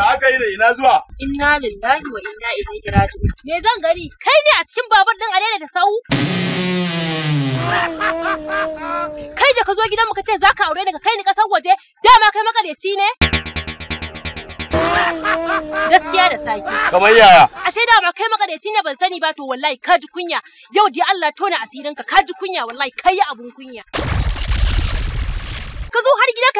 Ya aka yi da ina zuwa? Inna lillahi wa inna ilaihi raji'un. Me zan gani? Kai ne a cikin babur din a da sau? Kai da ka zo gidan muka ce za ka aure daga kai ni kasar waje, dama kai makaleci ne? Gaskiya da sake. Kamar yaya? Ashe dama kai makaleci ne ban sani ba to wallahi ka ji kunya. Yau dai Allah tona asirinka ka ji kunya wallahi kai abun kunya.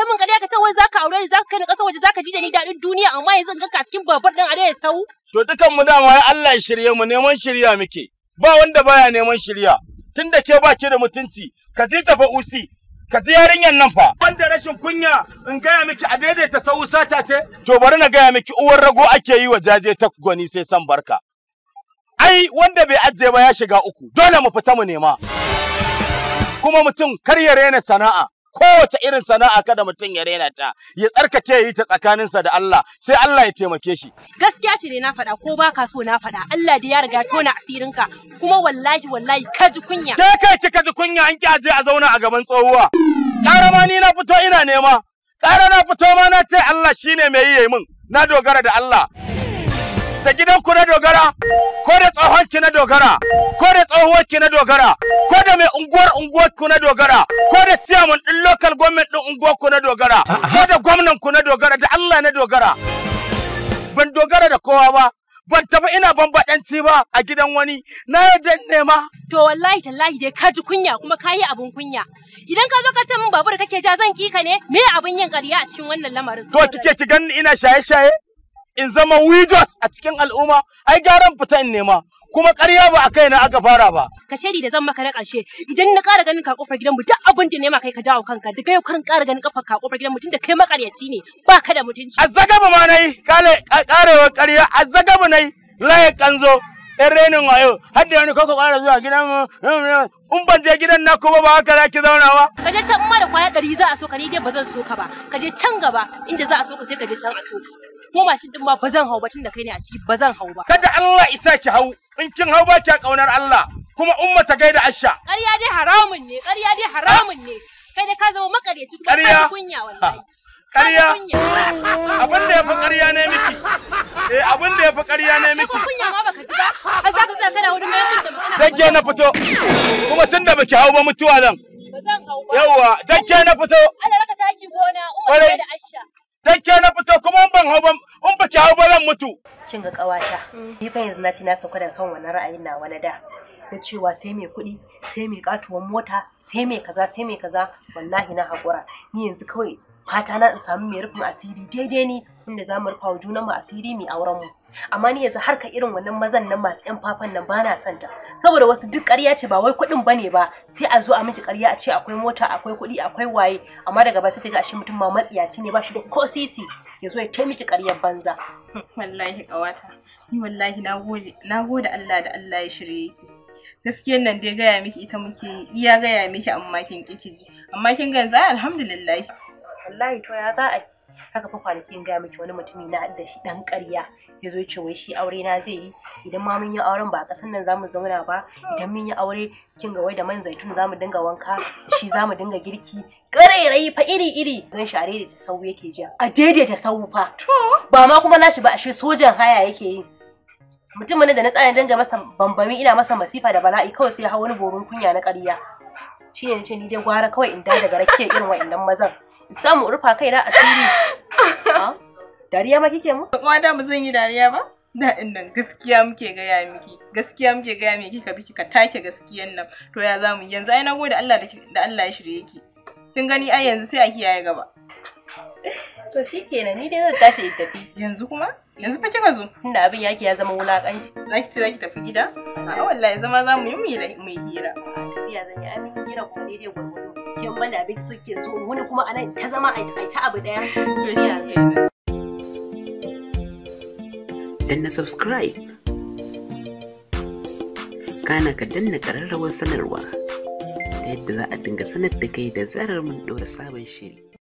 kai min ƙarya ka ce wai zaka aure ni zaka kai ni ƙasar waje zaka ji da ni daɗin duniya amma yanzu in ka cikin babur ɗin are sau. To dukan mu dama ya Allah ya shirye mu neman shirya muke ba wanda baya neman shirya tunda ke ba ke da mutunci ka ji tafa usi ka ji yarinyar nan fa. Wanda rashin kunya in gaya miki a daidaita sau sata ce. To bari na gaya miki uwar rago ake yi wa jaje ta gwani sai san barka. Ai wanda bai ajiye ba ya shiga uku dole mu fita mu nema. Kuma mutum kar ya rena sana'a kowace irin sana'a kada mutum ya rena ta ya tsarkake yi ta tsakaninsa da Allah sai Allah ya taimake shi gaskiya ce ne na faɗa ko ba ka so na faɗa Allah da ya riga tona asirinka kuma wallahi wallahi ka ji kunya ke kai kika ji kunya an je a zauna a gaban tsohuwa ƙara ni na fito ina nema ƙara na fito ma na ce Allah shine mai yi min na dogara da Allah da gidanku na dogara ko da tsohonki na dogara ko da tsohuwarki na dogara ko da mai unguwar unguwarku na dogara ko da ciyaman din local government ɗin unguwarku na dogara ko da gwamnanku na dogara da Allah na dogara ban dogara da kowa ba ban tafi ina bambaɗanci ba a gidan wani na yadda nema. To wallahi tallahi dai ka ji kunya kuma ka yi abin kunya. Idan ka zo ka ce min babur kake ja zan kika ne me abin yin ƙarya a cikin wannan lamarin. To kike ki ganni ina shaye-shaye? in zama widows a cikin al'umma ai gyaran fita in nema kuma ƙarya ba a kai na aka fara ba ka shaidi da zan maka na ƙarshe idan na ƙara ganin ka kofar gidanmu duk abin da nema kai ka jawo kanka daga yau kan ƙara ganin kafar ka kofar gidanmu tunda kai makaryaci ne ba ka da mutunci ba ma nayi kale ƙarewa ƙarya ba nayi laye kanzo ɗan renin wayo har da wani koko ƙara zuwa gidan mu mm, mm, in ban je gidan na kuma ba haka zaki zauna ba ka je can ma da kwaya ɗari za a so ka ni dai ba zan so ka ba ka je can gaba inda za a so ka sai ka je can a so ko mashin din ma ba zan hau ba da kai ne a ciki ba zan hau ba kada Allah isa ki hau in kin hau ba ki kaunar Allah kuma umma ta gaida asha ƙarya dai haramun ne ƙarya dai haramun ne kai ne ka zama makareci kuma ka kunya wallahi ƙarya abin da ya fi ƙarya ne miki eh abin da ya fi ƙarya ne miki kunya ma baka ji ba har za ka tsaya kana wurin mai mutum da kake na fito kuma tunda baki hau ba mutuwa zan zan ba yawa dakke na fito Allah raka taki gona umma da asha Dakke na fito kuma ban hau ban ki hau ba zan mutu. Kin ga ƙawata, mm. ni fa yanzu na ce na sauka daga kan wannan ra'ayin na wani da. Na cewa sai mai kuɗi, sai mai katuwan mota, sai mai kaza, sai mai kaza, wallahi na haƙura. Ni yanzu kawai fata na in samu mai rufin asiri daidai ne inda za mu rufa wa junan mu asiri mai auren mu amma ni yanzu harka irin wannan mazan nan masu yan fafan nan bana son ta saboda wasu duk ƙarya ce ba wai kuɗin bane ba sai a zo a miki ƙarya a ce akwai mota akwai kuɗi akwai waye amma daga baya sai ta ga ashe mutum ma matsiyaci ne ba shi da ko sisi ya zo ya ta miki ƙaryar banza wallahi ƙawata ni wallahi nagode nagode Allah da Allah ya shirye ki gaskiyar nan dai gaya miki ita muke iya gaya miki amma kin kiki ji amma kin ga yanzu alhamdulillah wallahi to ya za a yi haka fa kwanakin gaya miki wani mutumi na da shi dan ƙarya ya zo ce wai shi aure na zai yi idan ma mun yi auren ba a ƙasan nan zamu zauna ba idan mun yi aure kin ga wai da man zaitun zamu dinga wanka shi zamu dinga girki ƙarairayi fa iri iri zan shi a daidaita sau yake jiya a daidaita sau fa ba ma kuma nashi ba ashe sojan haya yake yi mutumin da na tsaya dinga masa bambami ina masa masifa da bala'i kawai sai ya hau wani borin kunya na ƙarya shine nace ni dai gwara kawai in da daga rakkiyar irin wa'annan mazan samu rufa kaina asiri ah, dariya ma kike mu kuma da mu zan yi dariya ba da nan gaskiya muke gaya miki gaskiya muke gaya miki ka bi ka take gaskiyan nan to ya zamu yanzu ai nagode Allah da Allah ya shirye ki kin gani ai yanzu sai a kiyaye gaba to shikenan ni dai zan tashi in tafi yanzu kuma yanzu fa kika zo inda abin yaki ya zama wulakanci zaki ce zaki tafi gida a wallahi zama zamu yi mu yi hira tafiya zan yi amin hira kuma daidai gurgudu ke ban da abin so ke wani kuma anan ta zama a ta abu daya danna subscribe kana ka danna kararrawar sanarwa ta yadda za a dinga sanar da kai da zarar mun ɗora sabon shiri